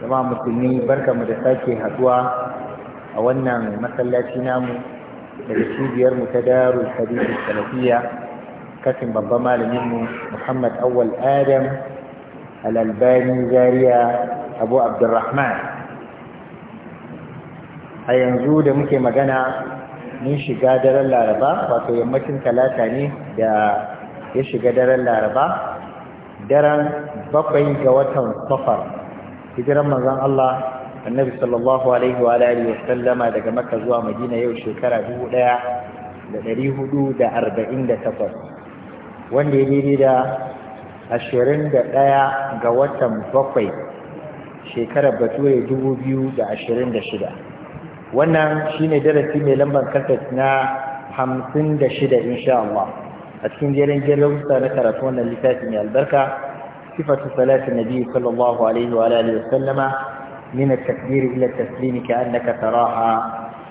zama musulmi mu da sake haduwa a wannan masallaci namu daga cibiyar mu ta daru hadisi salafiya kasin babban malamin mu Muhammad Awwal Adam Al-Albani Zaria Abu Abdurrahman a yanzu da muke magana mun shiga daren Laraba wato yammacin talata ne da ya shiga daren Laraba daren bakwai ga watan Safar hijiran manzon Allah annabi sallallahu alaihi wa alihi wa sallama daga makka zuwa madina yau shekara dubu ɗaya da ɗari hudu da arba'in da takwas wanda ya daidai da ashirin da ɗaya ga watan bakwai shekarar bature dubu biyu da ashirin da shida wannan shine darasi mai lambar kasat na hamsin da shida insha Allah a cikin jerin jerin na karatu wannan littafi mai albarka صفة صلاة النبي صلى الله عليه وآله وسلم من التكبير إلى التسليم كأنك تراها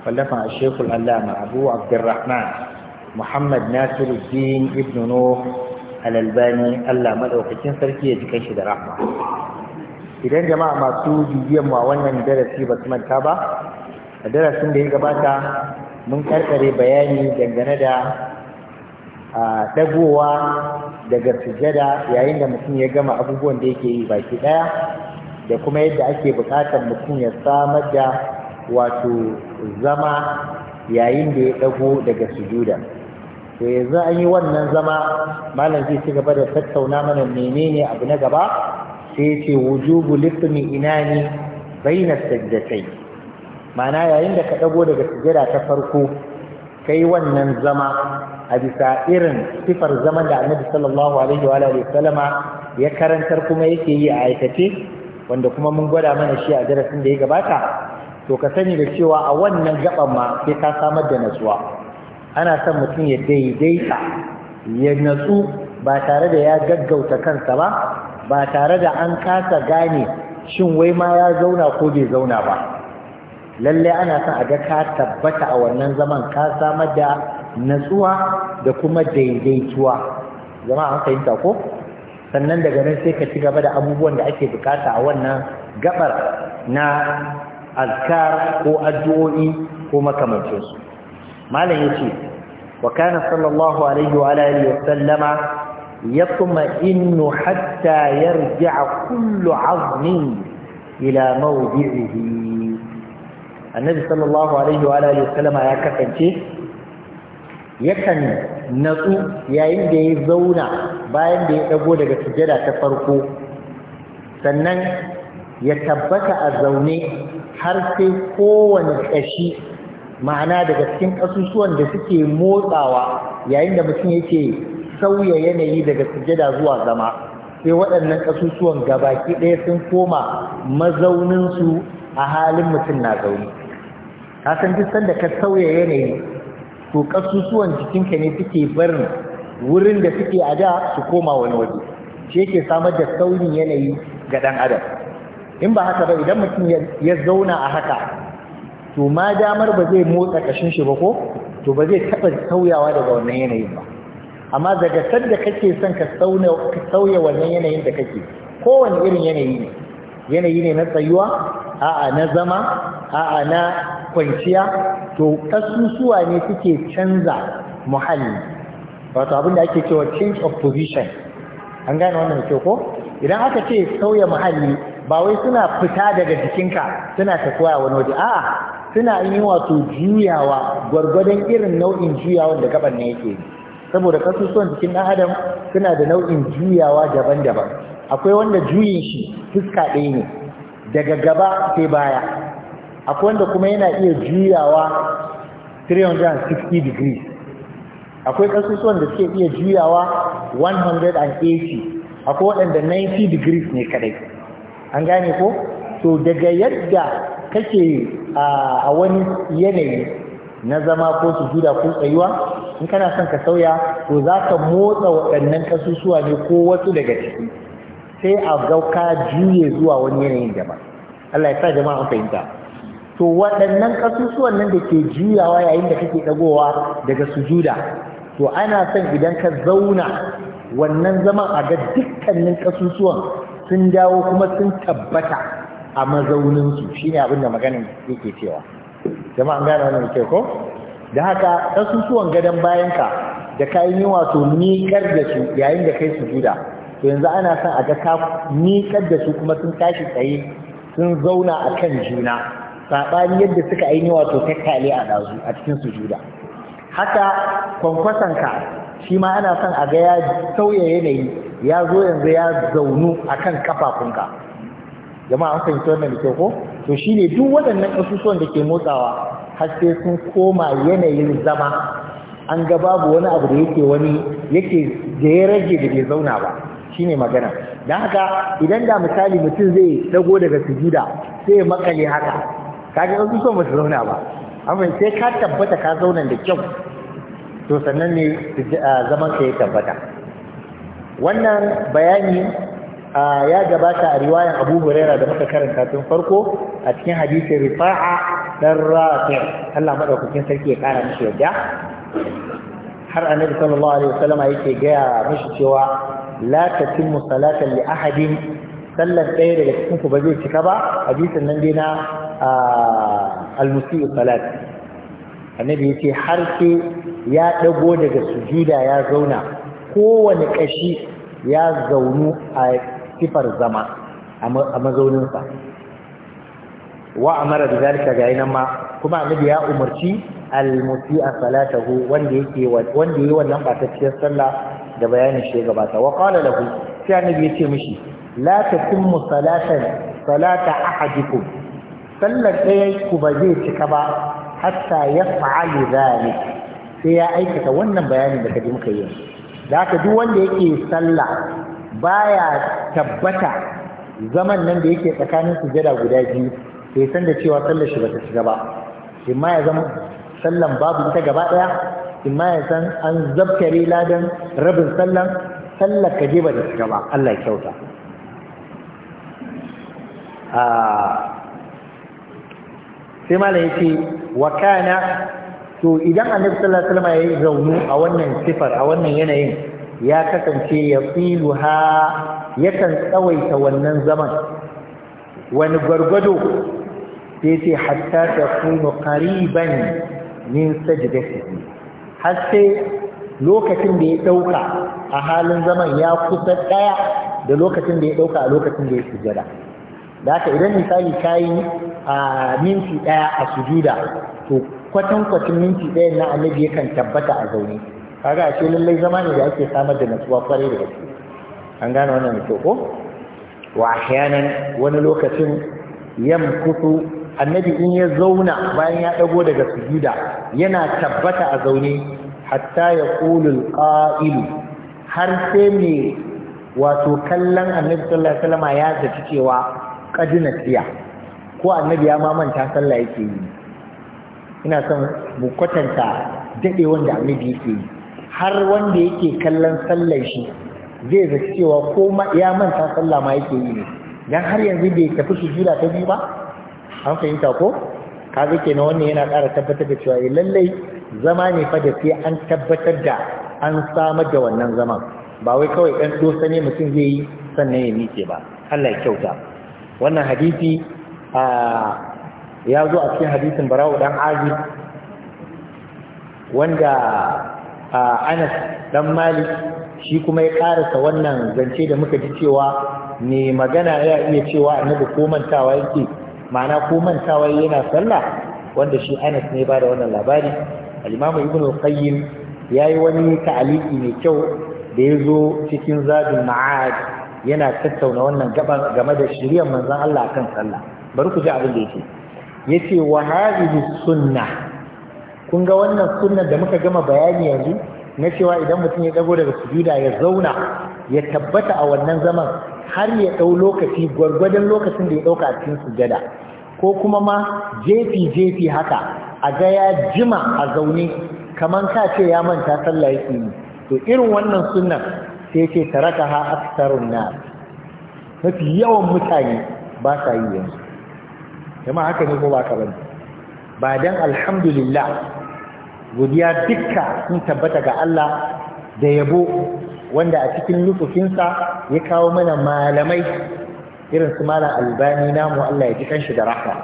فلفع الشيخ العلامة أبو عبد الرحمن محمد ناصر الدين ابن نوح الألباني الله ملوكتين سركية جكيش رحمة idan jama'a masu bibiyan ma wannan darasi ba su manta ba a darasin da ya gabata mun karkare bayani dangane da a dagowa daga sujada yayin da mutum ya gama abubuwan da yake yi baki ɗaya, da kuma yadda ake bukatar mutum ya samar da wato zama yayin da ya dago daga sujuda to yanzu an yi wannan zama malam zai ci gaba da tattauna mana menene abu na gaba sai ce wujubu lifmi inani baina sajdatai ma'ana yayin da ka dago daga sujada ta farko kai wannan zama a bisa irin sifar zaman da annabi sallallahu alaihi wa alihi sallama ya karantar kuma yake yi a aikace wanda kuma mun gwada mana shi a darasin da ya gabata to ka sani da cewa a wannan gaban ma sai ka samar da natsuwa ana son mutum ya daidaita ya natsu ba tare da ya gaggauta kansa ba ba tare da an kasa gane shin wai ma ya zauna ko bai zauna ba lallai ana son a ga ka tabbata a wannan zaman ka samar da natsuwa da kuma daidaituwa zama an fahimta ko sannan daga nan sai ka ci gaba da abubuwan da ake bukata a wannan gabar na azkar ko addu'o'i ko makamancinsu malam yace wa kana sallallahu alaihi wa alihi wa sallama innu hatta yarji'a kullu 'azmin ila mawdi'ihi annabi sallallahu alaihi wa alihi wa sallama ya kasance yakan natsu yayin da ya zauna bayan da ya ɗago daga sujada ta farko sannan ya tabbata a zaune har sai kowane ƙashi ma'ana daga cikin ƙasusuwan da suke motsawa yayin da mutum yake sauya yanayi daga sujada zuwa zama sai waɗannan ƙasusuwan gabaki ɗaya sun koma mazauninsu a halin mutum na zaune ka san duk sanda ka sauya yanayi to kasusuwan jikinka ne suke barin wurin da suke a da su koma wani waje shi yake samar da sauyin yanayi ga dan adam in ba haka ba idan mutum ya zauna a haka to ma damar ba zai motsa kashin shi ba ko to ba zai taɓa sauyawa daga wannan yanayin ba amma daga da kake son ka sauya wannan yanayin da kake kowane irin yanayi ne yanayi ne na tsayuwa a'a na zama a'a na kwanciya to kasusuwa ne suke canza muhalli wato abin da ake cewa change of position an gane wannan ke ko idan aka ce sauya muhalli ba wai suna fita daga jikinka suna tafiya wani waje a'a suna yin wato juyawa gwargwadon irin nau'in juyawa da gaban ne yake saboda kasusuwan jikin ɗan adam suna da nau'in juyawa daban-daban akwai wanda juyin shi fuska ɗaya ne daga gaba sai baya akwai wanda kuma yana iya juyawa 360 degrees akwai ƙasusuwan da suke iya juyawa 180 akwai waɗanda 90 degrees ne kadai an gane ko to daga yadda kake a wani yanayi na zama ko su juda ko tsayuwa in kana son ka sauya to za ka motsa waɗannan ƙasusuwa ne ko wasu daga ciki sai a gauka juye zuwa wani yanayin daban Allah ya sa jama'a an fahimta to waɗannan ƙasusuwan nan da ke juyawa yayin da kake ɗagowa daga sujuda to ana son idan ka zauna wannan zaman a ga dukkanin ƙasusuwan sun dawo kuma sun tabbata a mazauninsu shine abin da maganin yake cewa jama'an gane wannan ke ko da haka ƙasusuwan gadon bayanka da kayan yi wato miƙar da su yayin da kai sujuda to yanzu ana son a ga ka miƙar da su kuma sun tashi tsaye sun zauna a kan juna saɓani yadda suka aini wato tattale a ɗazu a cikin sujuda haka kwankwasonka shi ma ana son a ga ya sauya yanayi ya zo yanzu ya zaunu a kan kafafunka jama'a an fahimci wannan da kyau ko to shi ne duk waɗannan ƙasusuwan da ke motsawa har sai sun koma yanayin zama an ga babu wani abu da yake wani yake da ya rage da bai zauna ba shi ne magana dan haka idan da misali mutum zai dago daga sujuda sai makale haka kaga wasu so mutum zauna ba amma sai ka tabbata ka zauna da kyau to sannan ne zaman ka ya tabbata wannan bayani ya gabata a riwayan Abu Huraira da muka karanta tun farko a cikin hadisin Rifa'a dan rafin Allah madaukakin sarki ya ƙara mishi yadda har annabi sallallahu alaihi wasallama yake gaya mishi cewa la tatimmu salatan li ahadin sallar ɗaya daga cikin ku ba zai cika ba hadisin nan dai na al-musii'u salat annabi yace har sai ya dago daga sujuda ya zauna kowane kashi ya zaunu a sifar zama a mazauninsa wa amara da zalika ga nan ma kuma annabi ya umarci al-musii'a salatahu wanda yake wanda yayi wannan batacciyar sallah da bayanin shi gabata wa qala lahu sai annabi ya ce mishi la tatimmu salatan salata ahadikum sallar ɗaya ku ba zai cika ba hatta ya yaf'alu dhalik sai ya aikata wannan bayanin da kaji muka yi da haka duk wanda yake sallah baya tabbata zaman nan da yake tsakanin sujada guda biyu sai san da cewa sallar shi ba ta cika ba imma ya zama sallan babu ita gaba ɗaya imma ya san an zabtare ladan rabin sallan sallar ka je ba da shiga ba Allah kyauta sai malam yake wa kana to idan annabi sallallahu alaihi wasallam yayi zaunu a wannan sifar a wannan yanayin ya kasance ya filuha yakan tsawaita wannan zaman wani gwargwado sai ce hatta ta kunu qariban min sajdatihi har sai lokacin da ya ɗauka a halin zaman ya kusa ɗaya da lokacin da ya ɗauka a lokacin da ya sujada da haka idan misali ka yi a minti ɗaya a sujuda to kwatankwacin minti ɗaya na annabi yakan tabbata a zaune kaga a ce lallai zama ne da ake samar da natsuwa kwarai da gaske an gane wannan da ko wa ahyanan wani lokacin yamkutu annabi in ya zauna bayan ya dago daga sujuda yana tabbata a zaune hatta ya qulul qa'ilu har sai mai wato kallon annabi sallallahu alaihi wasallam ya zaci cewa kadina tsiya ko annabi ya ma manta sallah yake yi ina son mu kwatanta dade wanda annabi yake yi har wanda yake kallon sallar shi zai zaci cewa ko ya manta sallah ma yake yi ne dan har yanzu bai tafi sujuda ta biyu ba an fahimta ko ka kaga kenan wannan yana ƙara tabbatar da cewa eh, lallai zama ne fa da sai an tabbatar da an samar da wannan zaman ba wai kawai ɗan dosa ne mutum zai yi sannan ya mike ba Allah ya kyauta wannan hadisi ya zo a cikin hadisin barawo dan azib wanda anas ɗan malik shi kuma ya karasa wannan zance da muka ji cewa ne magana ya iya cewa annabi ko mantawa yake ma'ana ko mantawa yana sallah wanda shi Anas ne ba da wannan labari al-Imam Ibn al-Qayyim yayi wani ta'aliki mai kyau da yazo cikin Zadul Ma'ad yana tattauna wannan gaban game da shiriyar manzon Allah kan sallah bari ku ji abin da yake yace wa hadhihi sunnah kun ga wannan sunnar da muka gama bayani yanzu na cewa idan mutum ya dago daga sujuda ya zauna ya tabbata a wannan zaman har ya ɗau lokaci gwargwadon lokacin da ya ɗauka a cikin sujada ko kuma ma jefi jefi haka a ga ya jima a zaune kamar ka ce ya manta sallah yake ne to irin wannan sunnan sai ce taraka ha aksarun na mafi yawan mutane ba sa yi yanzu jama'a haka ne ko ba ka bane ba dan alhamdulillah godiya dukka sun tabbata ga Allah da yabo wanda a cikin lutufinsa ya kawo mana malamai irin su malam albani namu Allah ya ji kanshi da rahma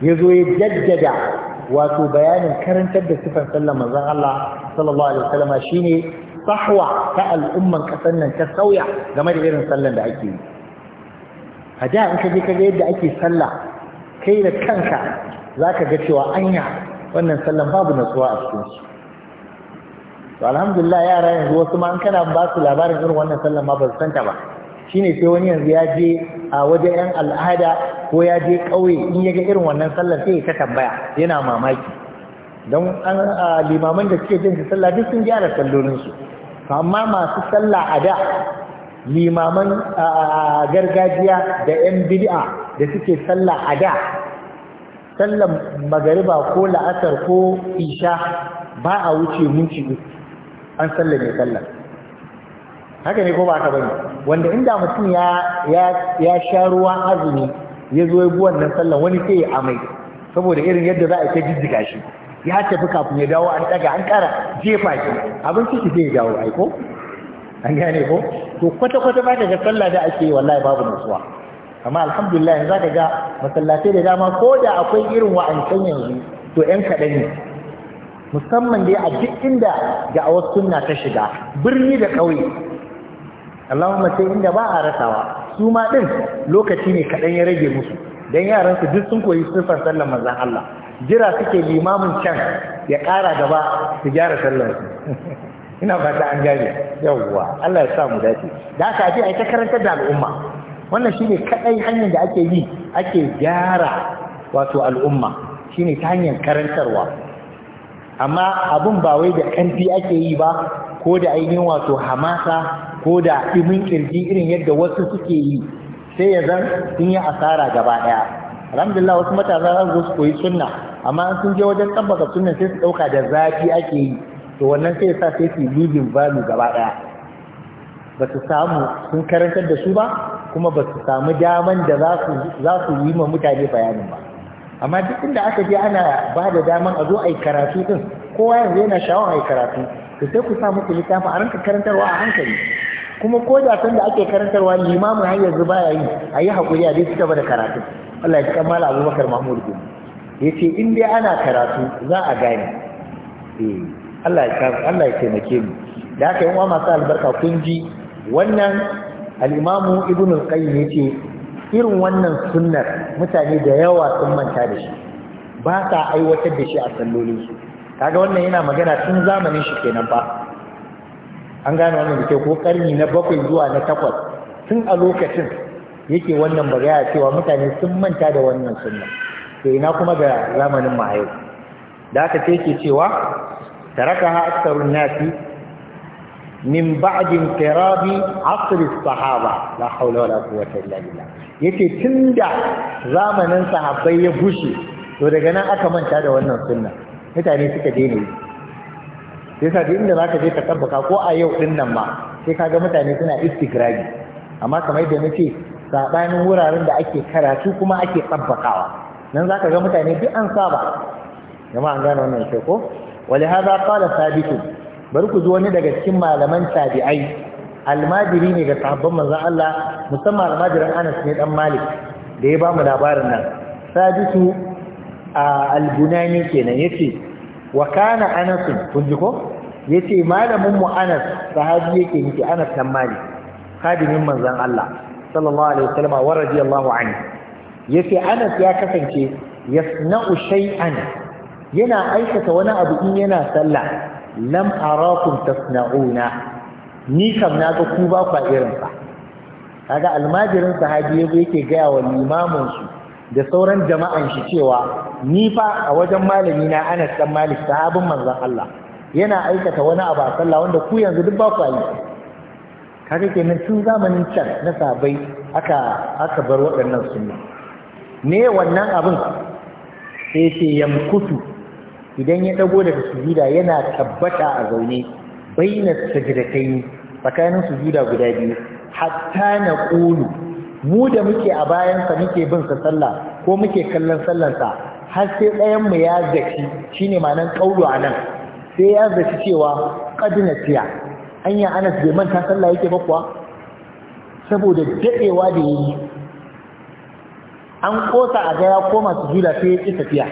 ya zo ya jaddada wato bayanin karantar da sifan sallar manzon Allah sallallahu alaihi wasallam shine sahwa ta al'umman kasan nan ta sauya game da irin sallar da ake yi a da in ka je ka ga yadda ake sallah kai da kanka zaka ga cewa anya wannan sallar babu natsuwa a cikin shi to alhamdulillah yara yanzu wasu ma an kana ba su labarin irin wannan sallan ma ba su santa ba shine sai wani yanzu ya je a wajen yan al'ada ko ya je ƙauye in ya ga irin wannan sallar sai ya ta tambaya yana mamaki don an limaman da suke jin sallah duk sun gyara su amma masu sallah a da limaman gargajiya da 'yan bid'a da suke sallah a da sallan magariba ko la'asar ko isha ba a wuce minti uku an sallame sallar haka ne ko ba ka bane wanda inda mutum ya ya ya sha ruwa azumi ya zo ya buwan nan sallar wani sai ya amai saboda irin yadda za a ta jijjiga shi ya tafi kafin ya dawo an daga an kara jefa shi abin ciki zai dawo ai an gane ko to kwata kwata ba ga sallah da ake yi wallahi babu nutsuwa amma alhamdulillah yanzu za ka ga masallatai da dama ko da akwai irin wa'ancan yanzu to yan kaɗan ne musamman dai a duk inda da'awar sunna ta shiga birni da ƙauye Allahumma sai inda ba a rasawa su ma din lokaci ne kaɗan ya rage musu dan yaran su duk sun koyi sifar sallar manzan Allah jira suke limamin can ya ƙara gaba su gyara sallar ina ta an gane yawwa Allah ya sa mu dace da haka ji ai ta karantar da al'umma wannan shine kadai hanyar da ake yi ake gyara wato al'umma shine ta hanyar karantarwa amma abin ba wai da ƙanfi ake yi ba ko da ainihin wato hamasa ko da ɗimin ƙirji irin yadda wasu suke yi sai ya zan sun yi asara gaba ɗaya alhamdulillah wasu matasa za su koyi sunna amma an sun je wajen tabbata sunna sai su ɗauka da zafi ake yi to wannan sai sa sai su lubin value gaba ɗaya ba su samu sun karantar da su ba kuma ba su samu daman da za su yi ma mutane bayanin ba amma duk inda aka je ana ba da daman a zo a yi karatu din kowa yanzu yana sha'awar a yi karatu to sai ku sa muku littafi a ranka karantarwa a hankali kuma ko da san da ake karantarwa limamin har yanzu ya yi a yi haƙuri a dai ci gaba da karatu Allah ya ji kamala Abubakar Mahmud Gumi ya ce in dai ana karatu za a gane eh Allah ya Allah ya taimake mu da aka yi wa masu albarka kun ji wannan Alimamu Ibn al-Qayyim ce. irin wannan sunnar mutane da yawa sun manta da shi ba sa aiwatar da shi a sallolinsu kaga wannan yana magana tun zamanin shi kenan ba an gane wannan da ke ko karni na bakwai zuwa na takwas tun a lokacin yake wannan bagaya cewa mutane sun manta da wannan sunna to ina kuma ga zamanin mahaifu da aka ce ke cewa taraka ha aksarun nasi min ba'din qirabi asr as-sahaba la hawla wala quwwata illa billah yace tunda zamanin sahabbai ya bushe to daga nan aka manta da wannan sunna mutane suka daina yi Sai yasa duk inda zaka je ka tabbaka ko a yau din nan ma sai kaga mutane suna istigrabi amma kamar yadda nace sabanin wuraren da ake karatu kuma ake tabbakawa nan zaka ga mutane duk an saba jama'a an gane wannan sai ko ولهذا قال ثابت bari ku zo wani daga cikin malaman tabi'ai almajiri ne ga sahabban manzan Allah musamman almajirin Anas ne dan Malik da ya bamu labarin nan sadisu al-bunani kenan yace wa kana Anas kun ji ko yace malamin mu Anas sahabi yake yake Anas dan Malik khadimin manzan Allah sallallahu alaihi wasallam wa radiyallahu anhu yace Anas ya kasance yasna'u shay'an yana aikata wani abu in yana sallah lam arakum tasna'una ni kam na ga ku ba ku irin sa kaga almajirin sahabi yabo yake gaya wa limamin su da sauran jama'an shi cewa ni fa a wajen malami na Anas dan Malik sahabin manzon Allah yana aikata wani abu a sallah wanda ku yanzu duk ba ku yi kaga kenan tun zamanin can na sabai aka aka bar waɗannan sunna Ne wannan abin sai ce yamkutu idan ya ɗago daga sujuda yana tabbata a zaune baina sajdatain tsakanin sujuda guda biyu hatta na ƙulu mu da muke a bayan sa muke bin sa sallah ko muke kallon sallansa har sai ɗayan mu ya zaci shine ma'anar a nan. sai ya zaci cewa qad nasiya "Hanya Anas bai manta sallah yake ba kuwa saboda daɗewa da yayi an kosa a ga ya koma sujuda sai ya ƙi tafiya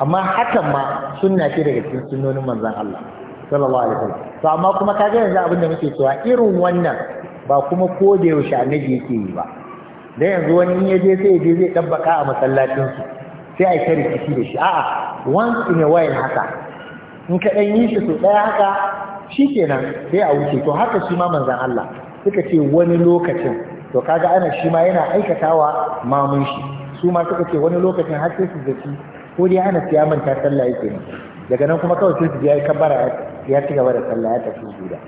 amma hakan ma sunna ce daga cikin sunnonin manzon Allah sallallahu alaihi wasallam to amma kuma kaga yanzu abin da muke cewa irin wannan ba kuma ko da yaushe annabi yake yi ba da yanzu wani in je sai yaje zai dabbaka a masallacin su sai a kare rikici da shi a'a once in a while haka in ka dan yi shi so daya haka shikenan sai a wuce to haka shi ma manzon Allah suka ce wani lokacin to kaga ana shi ma yana aikatawa mamun shi su ma suka ce wani lokacin har sai su zaci ko dai ana ya manta sallah yake ne daga nan kuma kawai sai su ya yi ya ci gaba da sallah ya tafi gida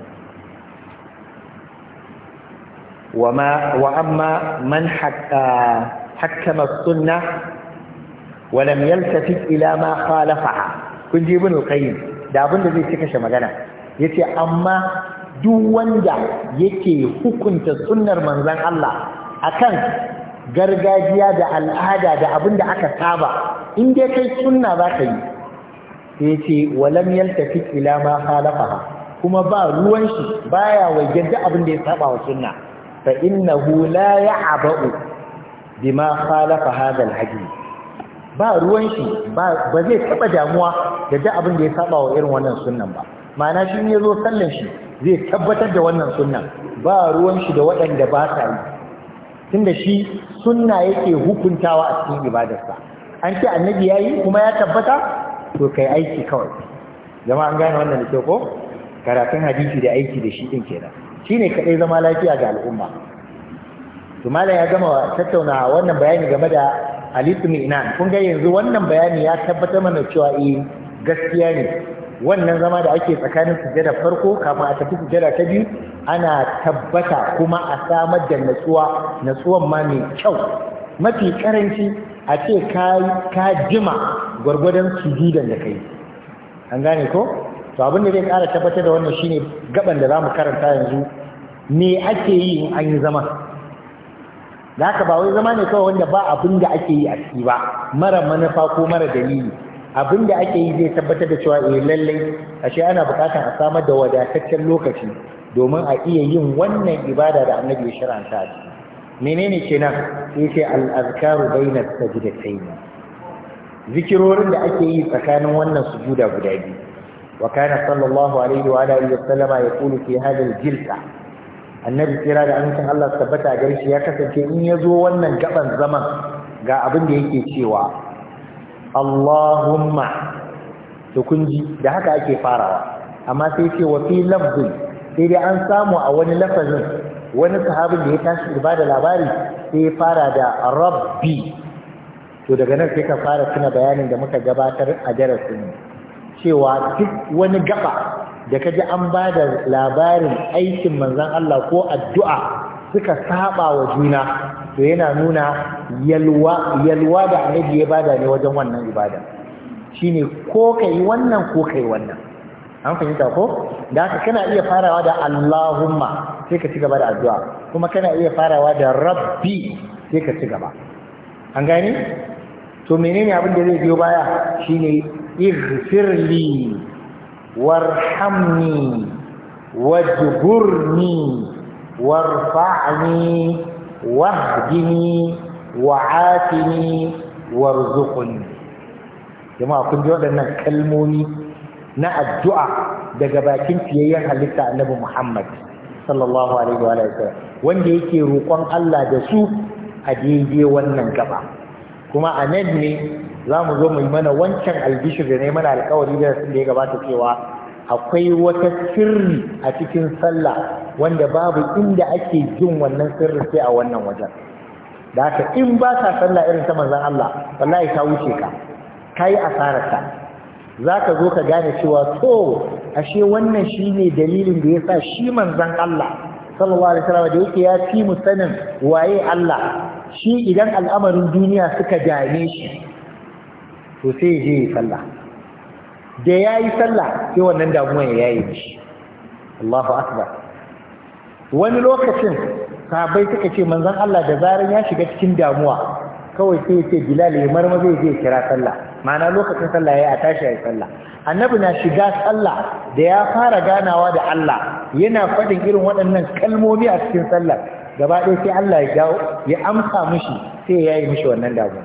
وما وأما من حكم السنة ولم يلتفت إلى ما خالفها kun ji ibn qayyim da abin da zai cika shi magana yace amma duk wanda yake hukunta sunnar manzon Allah akan gargajiya da al'ada da abin da aka saba in dai kai sunna za ka yi sai ya ce walam yaltafi ila ma khalaqaha kuma ba ruwan shi baya waigen duk abin da ya saba wa sunna fa innahu la ya'ba'u bima khalaqa hadha al-hadi ba ruwan shi ba zai taba damuwa da duk abin da ya saba wa irin wannan sunnan ba ma'ana shi ne zo sallan shi zai tabbatar da wannan sunnan ba ruwan shi da waɗanda ba sa yi tunda shi sunna yake hukuntawa a cikin ibadarsa an ce annabi yayi kuma ya tabbata to kai aiki kawai jama'a an gane wannan da ke ko karatun hadisi da aiki da shi din kenan shine kadai zama lafiya ga al'umma to malam ya gama tattauna wannan bayani game da alismi inan kun ga yanzu wannan bayani ya tabbatar mana cewa eh gaskiya ne wannan zama da ake tsakanin sujada farko kafin a tafi sujada ta biyu ana tabbata kuma a samar da natsuwa natsuwan ma mai kyau mafi karanci a ce ka jima gwargwadon sujudan da kai an gane ko to abin da zai kara tabbatar da wannan shine gaban da zamu karanta yanzu me ake yi in an yi zama da haka ba wai zama ne kawai wanda ba abin da ake yi a ciki ba mara manufa ko mara dalili abin da ake yi zai tabbatar da cewa eh lallai ashe ana buƙatar a samar da wadataccen lokaci domin a iya yin wannan ibada da annabi ya shar'anta a ciki menene kenan sai ce al-azkaru baina sajdatayn zikirorin da ake yi tsakanin wannan sujuda guda biyu wa kana sallallahu alaihi wa alihi wa sallama yaqulu fi hadhihi annabi kira da amincin Allah tabbata gare shi ya kasance in ya zo wannan gaban zaman ga abin da yake cewa Allahumma tukunji da haka ake farawa amma sai ce wa fi lafzin sai dai an samu a wani lafazin wani sahabin da ya tashi ba da labari sai ya fara da rabbi to daga nan sai ka fara tuna bayanin da muka gabatar a darasin cewa duk wani gaba da kaji an ba da labarin aikin manzon Allah ko addu'a suka saba wa juna to yana nuna yalwa yalwa da annabi ya bada ne wajen wannan ibada shine ko kai wannan ko kai wannan an fahimta ko da haka kana iya farawa da Allahumma sai ka ci da addu'a kuma kana iya farawa da Rabbi sai ka ci gaba an gane to menene abin da zai biyo baya shine ighfirli warhamni wajburni warfa'ni wahdini wa'atini warzuqni jama'a kun ji waɗannan kalmomi na addu'a daga bakin fiyayyen halitta annabi Muhammad sallallahu alaihi wa sallam wanda yake roƙon Allah da su a daidai wannan gaba kuma a nan ne za mu zo mu yi mana wancan albishir da ne mana alkawari da ya gabata cewa akwai wata sirri a cikin sallah wanda babu inda ake jin wannan sirri sai a wannan wajen da haka in ba ka sallah irin ta manzon Allah wallahi ka wuce ka kai asararka zaka zo ka gane cewa to ashe wannan shine dalilin da yasa shi manzon Allah sallallahu alaihi wasallam da yake ya fi mu sanin waye Allah shi idan al'amarin duniya suka dame shi to sai je sallah da ya yi sallah sai wannan damuwan ya yi shi Allahu akbar wani lokacin sahabbai suka ce manzon Allah da zarar ya shiga cikin damuwa kawai sai ya ce Bilal ya marma zai je kira sallah ma'ana lokacin sallah ya a tashi ya sallah annabi na shiga sallah da ya fara ganawa da Allah yana faɗin irin waɗannan kalmomi a cikin sallah. gaba ɗaya sai Allah ya ya amsa mishi sai ya yi mishi wannan damuwa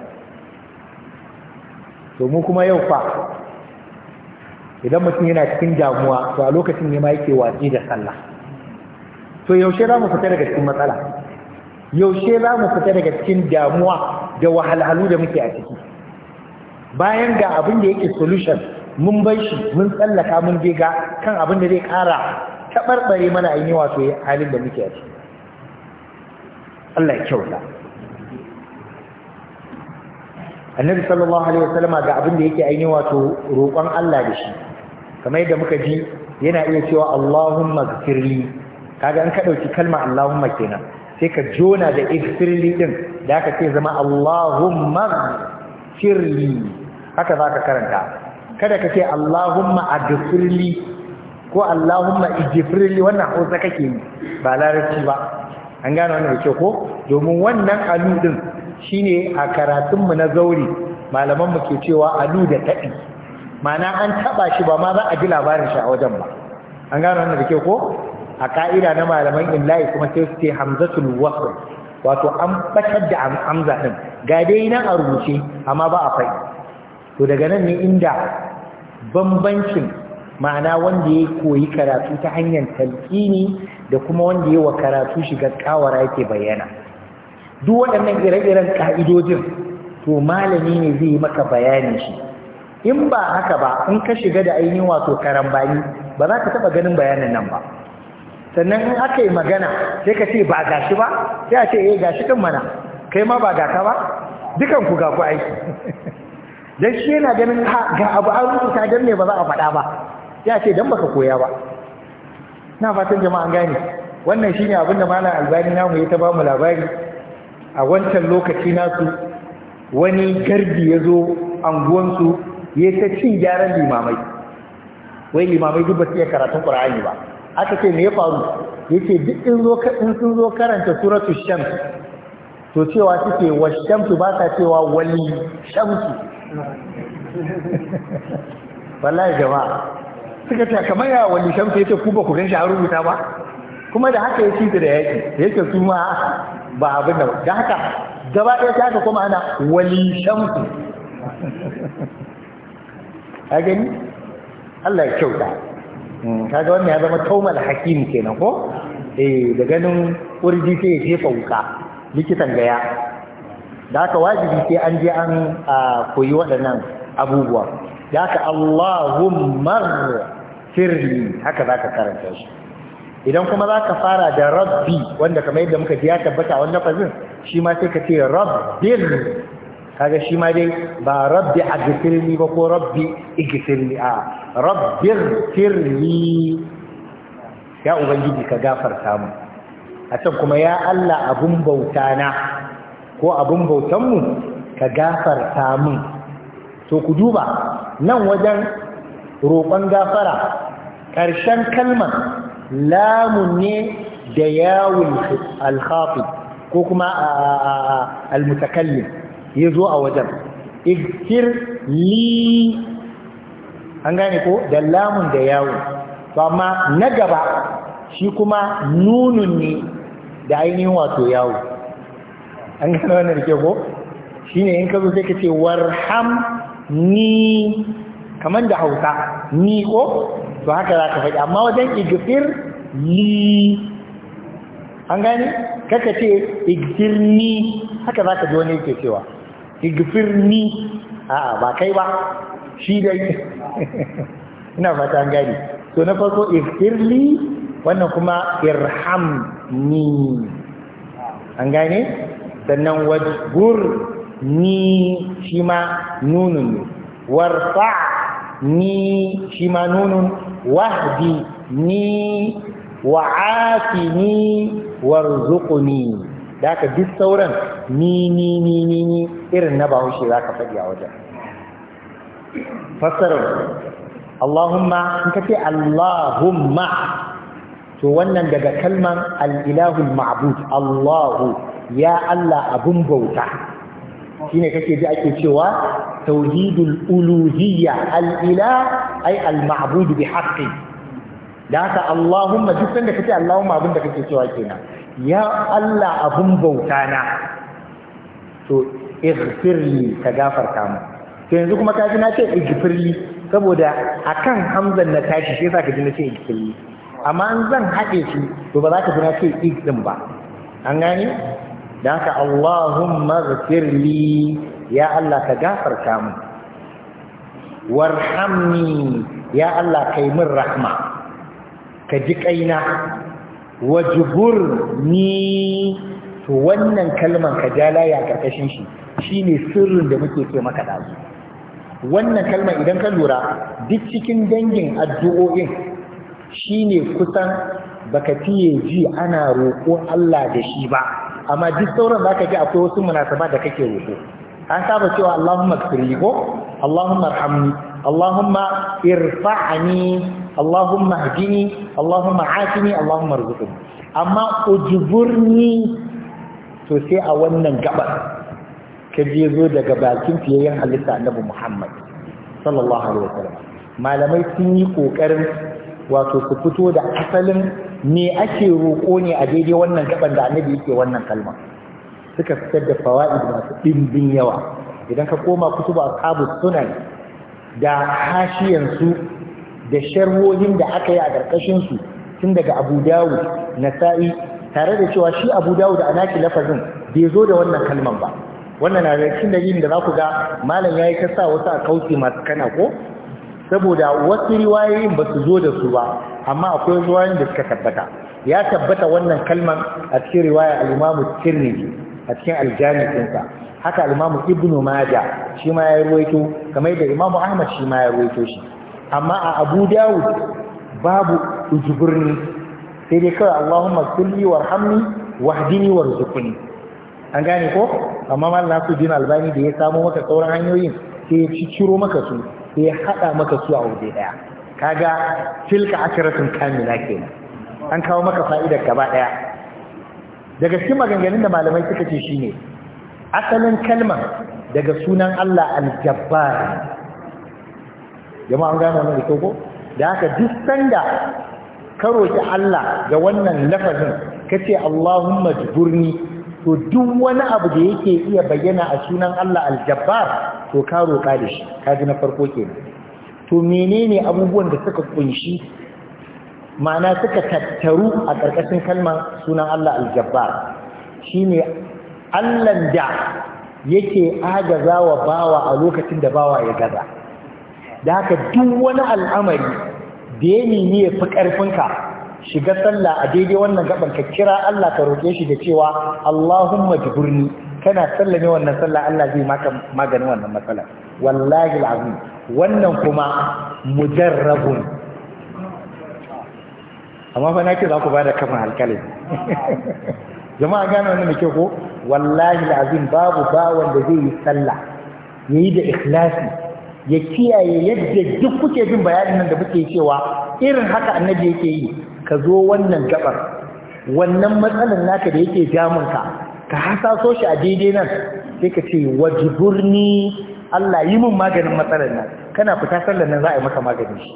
to mu kuma yau fa idan mutum yana cikin damuwa to a lokacin ne ma yake watsi da sallah to yaushe za mu fita daga cikin matsala yaushe za mu fita daga cikin damuwa da wahalhalu da muke a ciki bayan ga abin da yake solution mun bai shi mun tsallaka mun je ga kan abin da zai ƙara tabarbare mana ainihin wato halin da muke a ciki Allah ya kyauta annabi sallallahu alaihi wasallama ga abin da yake ainihin wato roƙon Allah da shi kamar yadda muka ji yana iya cewa Allahumma gfirli kaga an ka dauki kalma Allahumma kenan sai ka jona da gfirli din da aka ce zama Allahumma gfirli haka zaka karanta kada ka ce Allahumma adfirli ko Allahumma ijfirli wannan hausa kake yi ba larabci ba an gane wannan kyau ko domin wannan alu din shine a karatunmu na zauri malaman mu ke cewa alu da taɗi ma'ana an taba shi ba ma za a ji labarin shi a wajen ba an gano wannan da ke ko a ka'ida na malaman illahi kuma sai su ce hamzatul wasl wato an batar da hamza din ga dai nan a rubuce amma ba a faɗi to daga nan ne inda bambancin ma'ana wanda ya koyi karatu ta hanyar talqini da kuma wanda ya wa karatu shiga kawara yake bayyana duk waɗannan ire-iren ka'idojin to malami ne zai yi maka bayanin shi in ba haka ba in ka shiga da ainihin wato karambani ba za ka taɓa ganin bayanin nan ba sannan in aka yi magana sai ka ce ba shi ba sai a ce eh, ga shi ɗin mana kai ma ba gaka ba dukan ku ga ku ai dan shi yana ganin ga abu an rubuta dan ne ba za a faɗa ba sai a ce dan baka koya ba na fatan jama'a gane wannan shine abin da malam albani namu ya ta ba mu labari a wancan lokaci nasu wani gardi ya zo anguwansu ya ta cin gyaran limamai wai limamai duk ba su iya karatun qur'ani ba aka ce me ya faru yace duk in zo in sun zo karanta suratu shams to cewa suke wa shamsu ba ta cewa wali shamsu wallahi jama'a suka ce kamar ya wali shamsu yace ku ba ku ganshi a rubuta ba kuma da haka ya ci da yaki yake su ma ba abin da da haka gaba ɗaya ta haka kuma ana wali shamsu ka gani Allah ya kyauta hmm. kaga wannan ya zama taumal hakim kenan ko eh da ganin urji sai ya jefa wuka likitan gaya da haka wajibi sai an je an koyi waɗannan abubuwa da haka Allahumma sirri. haka za ka karanta shi idan kuma za ka fara da rabbi wanda kamar yadda muka ji ya tabbata wannan fazin shi ma sai ka ce rabbin kaga shi ma dai ba rabbi agfirli ba ko rabbi igfirli a rabbi firli ya ubangiji ka gafarta mu a can kuma ya Allah abun bauta na ko abun bautan mu ka gafarta mun to ku duba nan wajen roƙon gafara ƙarshen kalmar lamun ne da yawun alhafi ko kuma almutakallim ya zo a wajen ikfir li an gane ko da lamun da yawo to amma na gaba shi kuma nunun ne da ainihin wato yawo an gane wannan rike ko shi ne in ka zo sai ka ce warham ni kamar da hausa ni ko to haka za ka faɗi amma wajen igfir li an gane kaka ce igfir ni haka za ka ji wani ke cewa igfirni a'a ba kai ba shi dai ina fata gani to na farko igfirli wannan kuma irhamni an gane sannan wajgur ni shi ma nunun warfa ni shi ma nunun wahdi ni wa'afini warzuqni da haka duk sauran ni ni ni ni ni irin na bahaushe za ka faɗi a wajen fassarar Allahumma in ka ce Allahumma to wannan daga kalman al'ilahul ma'bud Allahu ya Allah abun bauta shine kake ji ake cewa tauhidul uluhiyya al'ila ai al-ma'bud bi haqqi da haka Allahumma duk sanda kace Allahumma abin da kake cewa kenan ya Allah abun bauta na to ighfirli ka gafarta mu to yanzu kuma ka ji na ce ighfirli saboda akan hamzan na tashi sai sa ka ji na ce ighfirli amma an zan haɗe shi to ba za ka ji na ce ig din ba an gane da haka Allahumma ighfirli ya Allah ka gafarta mu warhamni ya Allah kai min rahma ka ji ƙaina wajibur ni to wannan kalman ka ja laya ƙarƙashin shi shine sirrin da muke ce maka ɗazu wannan kalman idan ka lura duk cikin dangin addu'o'in shine kusan baka fiye ji ana roƙo Allah da shi ba amma duk sauran zaka ji akwai wasu munasaba da kake roƙo an saba cewa Allahumma kfirli ko Allahumma arhamni Allahumma Allahumma اهدني Allahumma عافني Allahumma ارزقني amma ujburni to sai a wannan gabar ka je zo daga bakin fiyayen halitta annabi Muhammad sallallahu alaihi wasallam malamai sun yi kokarin wato su fito da asalin me ake roƙo ne a daidai wannan gaban da annabi yake wannan kalma suka fitar da fawaid masu dimbin yawa idan ka koma kutuba ashabu sunan da hashiyan su da sharhohin da aka yi a ƙarƙashin su tun daga Abu Dawud Nasa'i tare da cewa shi Abu Dawud a naki lafazin bai zo da wannan kalman ba wannan na da cikin dalilin da za ku ga malam yayi ta sa wasu a kauce masu kana ko saboda wasu riwayoyin ba su zo da su ba amma akwai riwayoyin da suka tabbata ya tabbata wannan kalman a cikin riwaya al-Imam Tirmidhi a cikin al sa haka al-Imam Ibn Majah shi ma ya ruwaito kamar da Imam Ahmad shi ma ya ruwaito shi amma a abu dawud babu ujubirni sai dai kawai allahumma wa warhamni wahdini warzuqni an gane ko amma mal nasu din albani da ya samo maka sauran hanyoyin sai ya ciro maka su sai ya hada maka su a waje daya kaga tilka akratun kamila kenan an kawo maka fa'idar gaba daya daga cikin maganganun da malamai suka ce shine asalin kalmar daga sunan Allah al-jabbar Jama'an gane da ko da haka duk sanda ka roƙi Allah da wannan lafazin kace Allahumma jburni to duk wani abu da yake iya bayyana a sunan Allah aljabbar to ka roƙa da shi kaji na farko kenan to menene abubuwan da suka kunshi ma'ana suka tattaru a ƙarƙashin kalmar sunan Allah aljabbar shine Allahn da yake agazawa bawa a lokacin da bawa ya gaza da haka duk wani al'amari da ya nemi ya fi ƙarfinka shiga sallah a daidai wannan gaban ka kira Allah ka roƙe shi da cewa Allahumma jiburni kana sallame wannan sallah Allah zai maka maganin wannan matsala wallahi alazim wannan kuma mujarrabun amma fa nake za ku bada kafin alkalin jama'a gane wannan ke ko wallahi alazim babu ba wanda zai yi sallah yayi da ikhlasi ya kiyaye yadda duk kuke jin bayanin nan da muke cewa irin haka annabi yake yi ka zo wannan gabar wannan matsalan naka da yake jamun ka ka hasaso shi a daidai nan sai ka ce wajiburni Allah yi min maganin matsalan nan kana fita sallan nan za a yi maka maganin shi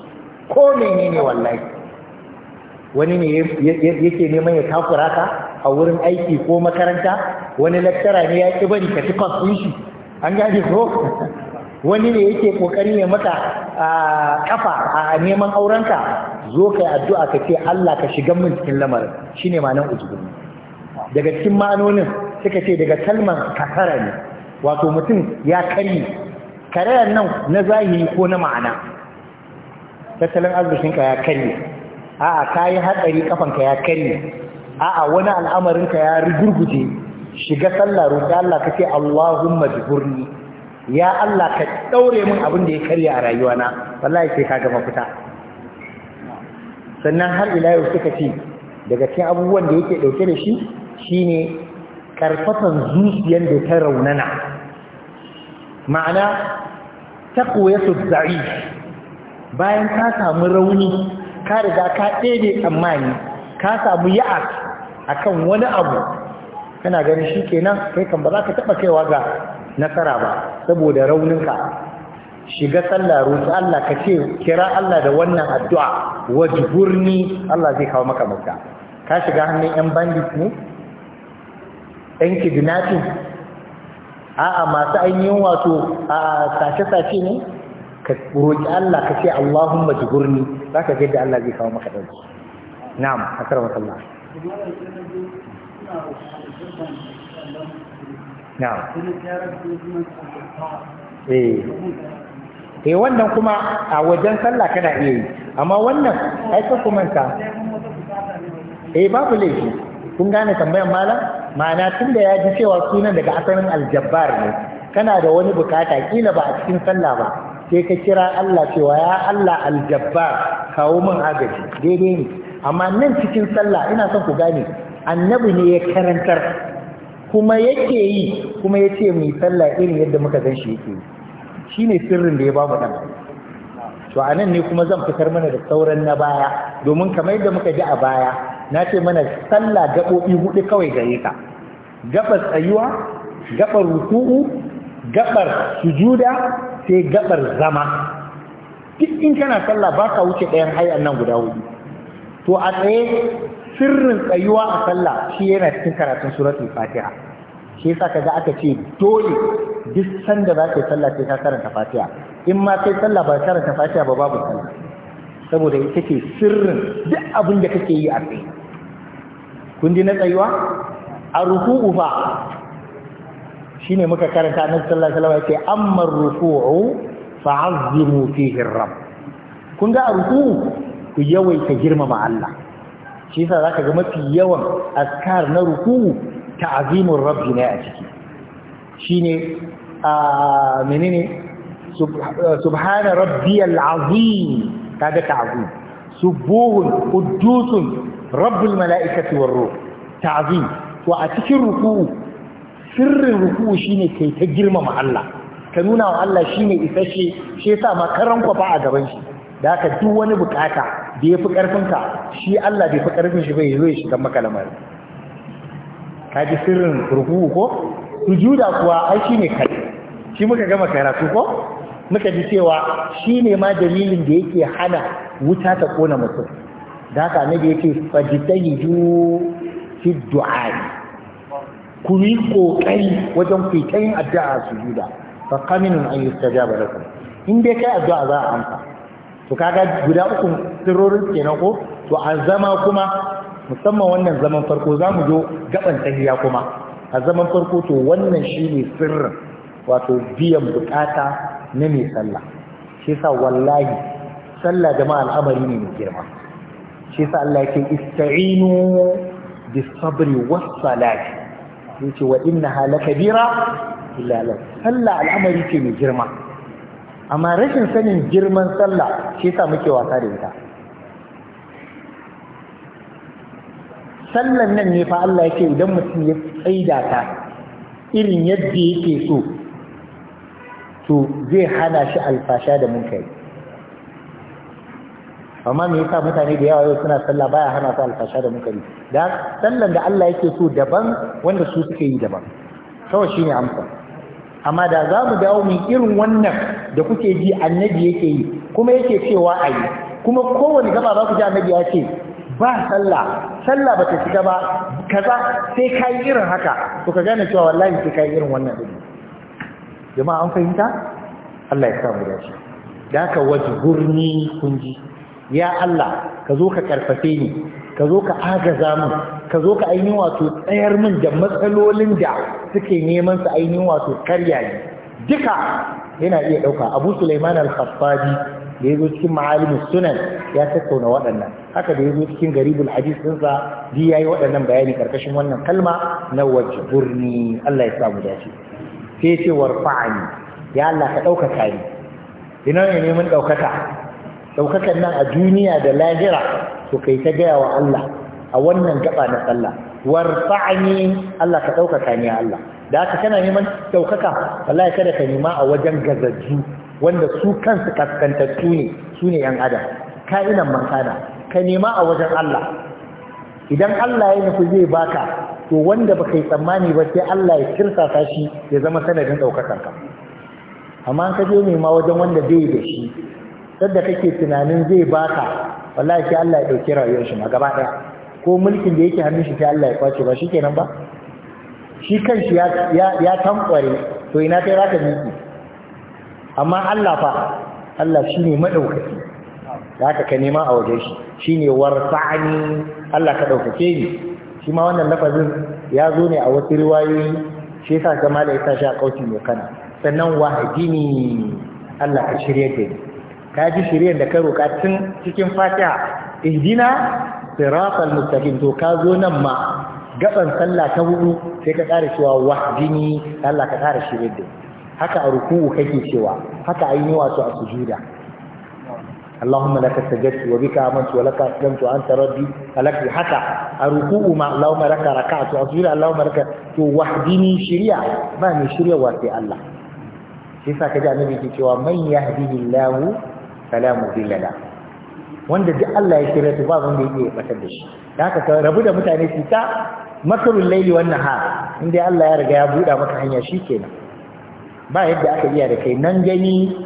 ko menene wallahi wani ne yake neman ya takura ka a wurin aiki ko makaranta wani laktara ne ya ki bari ka ci kwas ɗin shi an gaji ko wani ne yake kokarin ya maka a kafa a neman aurenka zo kai addu'a ka ce Allah ka shiga min cikin lamarin shine ma'anar uzuri daga cikin ma'anonin suka ce daga kalmar kasara ne wato mutum ya karye karayar nan na zahiri ko na ma'ana tattalin arzikinka ya karye a'a kayi hatsari kafanka ya karye a'a wani al'amarinka ya rugurguje shiga sallah roƙi Allah kace Allahumma jburni ya Allah ka ɗaure min abin da ya karya a rayuwana wallahi sai ka gama fita sannan har ila yau suka ce daga cikin abubuwan da yake ɗauke da shi shine karfafan zuciyar da ta raunana ma'ana taqwiyatu da'if bayan ka samu rauni ka riga ka ɗebe tsammani ka samu ya'at akan wani abu kana ganin shikenan kai kan ba za ka taba kaiwa ga nasara ba saboda rauninka shiga sallah roki Allah ka ce kira Allah da wannan addu'a wajburni Allah zai kawo maka mafita ka shiga hannun yan bandit ne yan kidnapping a'a masu ainihin wato a sace-sace ne ka roƙi Allah ka ce Allahumma za ka ga yadda Allah zai kawo maka Na na'am a Thank Allah Eh. eh wannan kuma a wajen sallah kana iya yi amma wannan ai ka kumanta eh babu laifi kun gane tambayan malam ma'ana tun da ya ji cewa sunan daga asalin aljabbar ne kana da wani bukata kila ba a cikin sallah ba sai ka kira Allah cewa ya Allah aljabbar kawo min agaji daidai ne amma nan cikin sallah ina son ku gane annabi ne ya karantar kuma yake yi kuma yace ce mai sallah irin yadda muka zan shi yake yi shi ne sirrin da ya ba mu ɗan to a nan ne kuma zan fitar mana da sauran na baya domin kamar yadda muka ji a baya nace mana sallah gaɓoɓi huɗu kawai gare ka gaɓar tsayuwa gaɓar ruku'u gaɓar sujuda sai gaɓar zama duk in kana sallah ba ka wuce ɗayan hayan nan guda huɗu to a tsaye sirrin tsayuwa a sallah shi yana cikin karatun suratul fatiha shi yasa kaga aka ce dole duk sanda za ka yi sallah sai ka karanta fatiha in ma kai sallah ba karanta fatiha ba babu sallah saboda ita ce sirrin duk abin da kake yi a tsaye kun ji na tsayuwa a ruku'u fa ne muka karanta na sallallahu alaihi ce yace amma ruku'u fa'azzimu fihi rabb kun ga ruku'u ku yawaita girmama Allah shi yasa zaka ga mafi yawan azkar na ruku'u ta'zimur rabbi ne a ciki shine a menene subhana rabbiyal azim kaga ta'zim subuhun quddusun rabbul mala'ikati war ruh ta'zim to a cikin ruku'u sirrin ruku'u shine kai ta girmama Allah ka nuna wa Allah shine isasshe shi yasa ma karan ba a gaban shi da haka duk wani bukata da ya fi ƙarfinka shi Allah da ya fi ƙarfin shi bai zo ya shiga maka ka ji sirrin rukuku ko sujuda kuwa ai shi ne kai shi muka gama karatu ko muka ji cewa shi ne ma dalilin da yake hana wuta ta kona mutum da haka annabi yake ju fi du'ai ku yi kokari wajen ku addu'a sujuda fa qaminun an yustajaba lakum in dai kai addu'a za a amsa to kaga guda uku sirrorin kenan ko to azama kuma musamman wannan zaman farko za mu zo gaban tahiya kuma a zaman farko to wannan shi ne sirrin wato biyan bukata na mai sallah shi sa wallahi sallah jama'a al'amari ne mai girma shi sa Allah yake ista'inu bis sabri was salati yace wa innaha lakabira illa Allah sallah al'amari ce mai girma amma rashin sanin girman sallah shi sa muke wasa da ita sallan nan ne fa Allah yake idan mutum ya tsaida ta irin yadda yake so to zai hana shi alfasha da munkari amma me yasa mutane da yawa yau suna sallah baya hana su alfasha da munkari da sallan da Allah yake so daban wanda su suke yi daban kawai shine amsa amma da za mu dawo mu irin wannan da kuke ji annabi yake yi kuma yake cewa a yi kuma kowane gaba ba ku ji annabi ya ce ba sallah sallah ba ta shiga ba kaza sai ka irin haka to ka gane cewa wallahi sai ka irin wannan ɗin jama'a an fahimta Allah ya samu shi da ka waje gurni kun ji ya Allah ka zo ka karfafe ni ka zo ka agaza min ka zo ka ainihin wato tsayar min da matsalolin da suke neman su ainihin wato karya ne duka yana iya ɗauka abu sulaiman al-khattabi da ya zo cikin ma'alimin sunan ya tattauna waɗannan haka da ya zo cikin garibul hadis ɗinsa ji ya yi waɗannan bayani ƙarƙashin wannan kalma na waje burni Allah ya samu dace sai ce warfa'ani ya Allah ka ɗaukaka ni ina ne neman ɗaukaka ɗaukakan nan a duniya da lahira to kai ta gaya wa Allah a wannan gaba na sallah warfa'ani Allah ka ɗaukaka ni Allah da haka kana neman ɗaukaka wallahi kada ka nema a wajen gazajju wanda su kansu kaskantattu ne su ne ‘yan adam ka'inan mankana ka nema a wajen Allah idan Allah ya nufi zai baka to wanda baka yi tsammani ba sai Allah ya kirsasa shi ya zama sanadin ɗaukakanka. amma an ka je nema wajen wanda bai da shi sadda kake tunanin zai baka wallahi sai Allah ya dauki rayuwar shi ma gaba ɗaya ko mulkin da yake hannun shi sai Allah ya kwace ba shikenan ba shi kanshi ya ya tankware to ina kai zaka miki amma Allah fa Allah shine madaukaki zaka ka nema a waje shi shine warfa'ani Allah ka daukake ni shi ma wannan lafazin ya zo ne a wasu riwayoyi shi yasa kamar da yasa shi a kautin mai kana sannan wahajini Allah ka shirye da ni ka ji shiryen da ka roƙa tun cikin fatiha ihdina siratal mustaqim to ka zo nan ma gaban sallah ta hudu sai ka ƙara cewa wahdini Allah ka ƙara shirin da haka a ruku'u kake cewa haka a yi wato a sujuda اللهم لك سجدت وبك امنت ولك اسلمت وانت ربي فلك حتى الركوع ما اللهم لك ركعت واسجد اللهم لك تو وحدني شريعه ما من شريعه واتي الله كيف كذا النبي cewa man yahdihillahu Salamu mudilla wanda duk Allah ya kira su ba wanda yake batar da shi da haka ka rabu da mutane su ta makarul layli wan nahar inda Allah ya riga ya buɗa maka hanya shikenan ba yadda aka iya da kai nan gani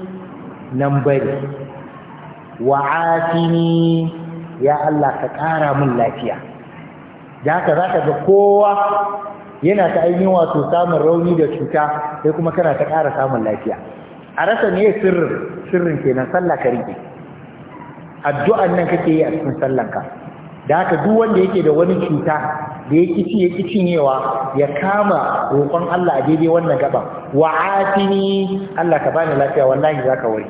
nan bari wa'atini ya Allah ka ƙara mun lafiya da haka za ka ga kowa yana ta ainihin wato samun rauni da cuta sai kuma kana ta ƙara samun lafiya a rasa ne sirrin sirrin kenan sallah ka rike addu'an nan kake yi a cikin sallanka da haka duk wanda yake da wani cuta da ya kici ya cinyewa ya kama roƙon Allah a daidai wannan gaba wa atini Allah ka bani lafiya wallahi zaka wari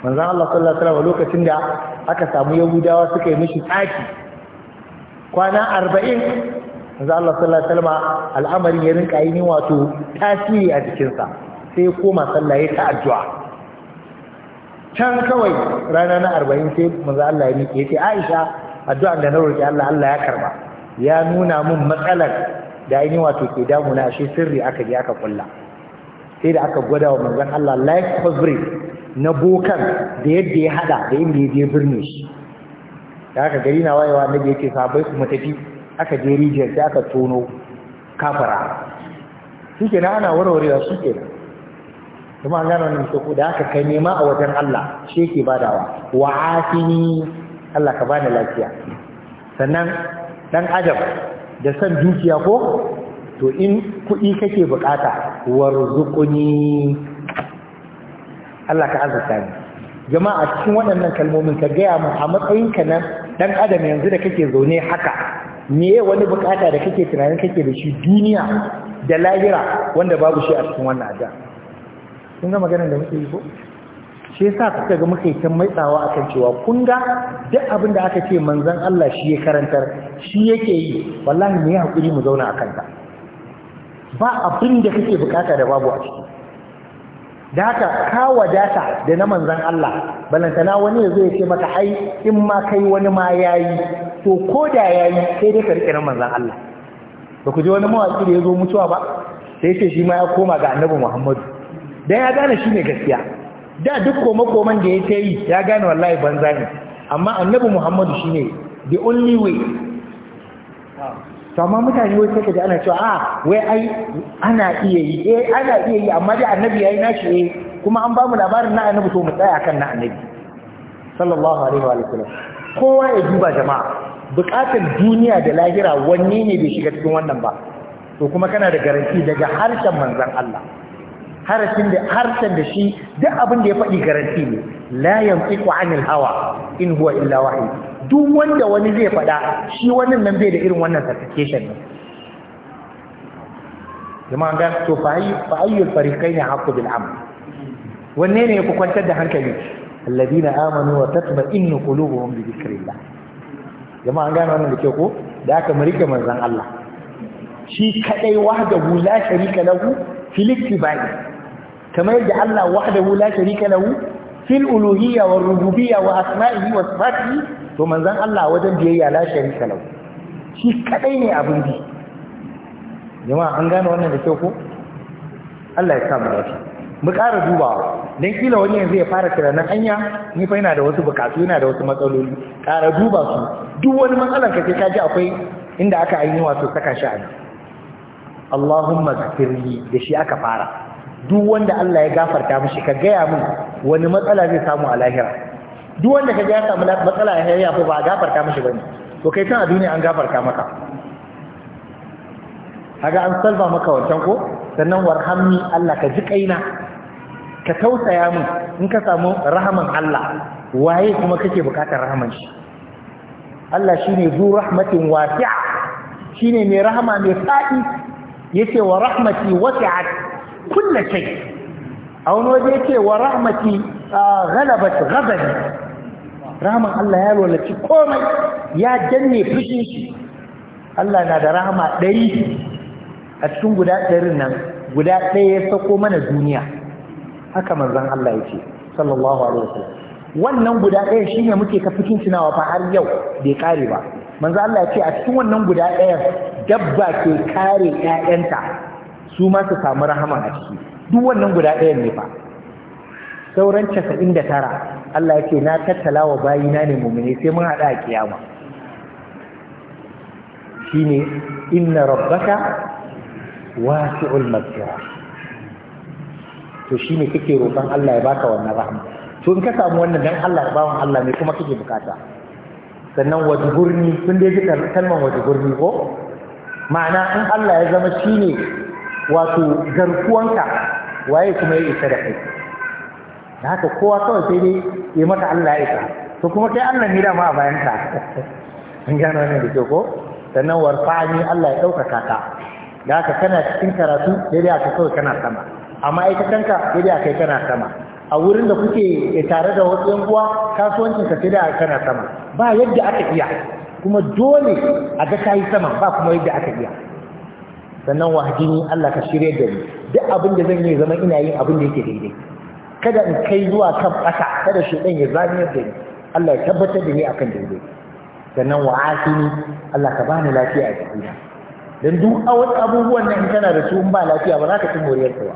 manzon Allah sallallahu alaihi wasallam lokacin da aka samu yahudawa suka yi mishi tsaki kwana 40 manzon Allah sallallahu alaihi wasallam al'amarin ya rinka yi wato tasiri a jikinsa sai ya koma sallah ya ta addu'a can kawai rana na arba'in sai manzo Allah ya miƙe ya ce Aisha addu'an da na roƙi Allah Allah ya karba ya nuna mun matsalar da ainihin wato ke damuna shi sirri aka je aka kulla sai da aka gwada wa manzon Allah life fabri na bokan da yadda ya hada da inda ya je birni shi da aka gari na wayewa da yake sahabbai kuma tafi aka je rijiyar sai aka tono kafara shi na ana warwarewa shi na kuma an gano nan da haka kai nema a wajen Allah shi yake badawa wa afini Allah ka bani lafiya sannan dan adam da san dukiya ko to in kuɗi kake bukata warzuquni Allah ka azurta ni jama'a cikin waɗannan kalmomin ka gaya mu a matsayinka nan dan adam yanzu da kake zaune haka me wani bukata da kake tunanin kake da shi duniya da lahira wanda babu shi a cikin wannan addu'a kun ga maganar da muke yi ko shi yasa kuka ga muke yi kan maitsawa akan cewa kun ga duk abin da aka ce manzon Allah shi ya karantar shi yake yi wallahi me ya hakuri mu zauna akan ta ba abin da kake bukata da babu a ciki da haka ka wadata da na manzon Allah balantana wani ya zo ya ce maka ai in ma kai wani ma yayi to ko da yayi sai dai ka rike na manzon Allah ba ku ji wani mawaki da ya zo mutuwa ba sai ce shi ma ya koma ga annabi Muhammadu da ya gane shi ne gaskiya da duk koma-koman da ya ta yi ya gane wallahi banza ne amma annabi muhammadu shi ne the only way to amma mutane wai sai kaji ana cewa a ah, wai ai ana iya yi eh ana iya yi amma dai annabi yayi nashi eh kuma an bamu labarin na annabi to mu tsaya kan na annabi sallallahu alaihi wa sallam kowa ya duba jama'a bukatar duniya da lahira wanne ne bai shiga cikin wannan ba to kuma kana da garanti daga harshen manzon Allah harafin da harshen da shi duk abin da ya faɗi garanti ne la yantiqu anil hawa in huwa illa wahyi duk wanda wani zai faɗa shi wannan nan bai da irin wannan certification ne jama'a ga to fa ayyul fariqaini haqqu bil amr wanne ne ku kwantar da hankali alladina amanu wa tatma'innu qulubuhum bi dhikrillah jama'a gane wannan da ke ko da aka marike manzon Allah shi kadai wahdahu la sharika lahu fil ittiba'i kamar yadda Allah wahdahu la sharika lahu fil uluhiyya rububiyya wa asma'ihi wa sifatihi to manzon Allah wajen biyayya la sharika lahu shi kadai ne abin bi jama'a an gane wannan da kyau ko Allah ya samu dace mu ƙara dubawa dan kila wani yanzu ya fara tunanin hanya ni yana da wasu bukatu yana da wasu matsaloli ƙara duba su duk wani matsalar ka ka akwai inda aka ainihi wato saka shi Allahumma da shi aka fara duk wanda Allah ya gafarta mishi ka gaya min wani matsala zai samu a lahira duk wanda ka ya samu matsala a lahira ba a gafarta mishi bane to kai kan duniya an gafarta maka kaga an salba maka wancan ko sannan warhamni Allah ka ji kaina ka tausaya min in ka samu rahaman Allah waye kuma kake bukatar rahaman shi Allah shine zu rahmatin wasi'a shine mai rahama mai fadi yace wa rahmati wasi'at kulla kai, a wani waje yake wa rahmati ghalabat ghadabi rahman Allah ya lalaci komai ya danne fushin shi Allah na da rahama ɗari a cikin guda ɗarin nan guda ɗaya ya sako mana duniya haka manzan Allah ya ce sallallahu alaihi wasallam wannan guda ɗaya shine muke ka fikin tunawa fa har yau bai kare ba manzan Allah ya ce a cikin wannan guda ɗaya dabba ke kare ƴaƴanta su ma su samu rahaman a ciki duk wannan guda ɗayan ne fa sauran casa'in da tara Allah ya ce na tattala wa bayina ne mumine sai mun haɗa a kiyama shine inna rabbaka wasi'ul maghfira to shine kake roƙon Allah ya baka wannan rahama to in ka samu wannan dan Allah ya bawa Allah ne kuma kake bukata sannan wajiburni sun dai ji kalmar wajiburni ko ma'ana in Allah ya zama shine wato garkuwanka waye kuma ya isa da kai da haka kowa kawai sai dai ya mata Allah ya isa to kuma kai Allah ne da a bayan ka an gano ne da kyau ko sannan warfani Allah ya ɗaukaka ka da haka kana cikin karatu dai aka kawai kana sama amma ita kanka dai aka kana sama a wurin da kuke tare da wasu yan uwa kasuwancin ka sai aka kana sama ba yadda aka iya kuma dole a ga kayi sama ba kuma yadda aka iya sannan wahdini Allah ka shirya da ni duk abin da zan yi zama ina yin abin da yake daidai kada in kai zuwa kan ƙasa kada shi ɗan ya zamiyar da ni Allah ya tabbatar da ni akan daidai sannan ne, Allah ka bani lafiya a jikina Don duk awon abubuwan nan kana da su in ba lafiya ba za ka ci moriyar ba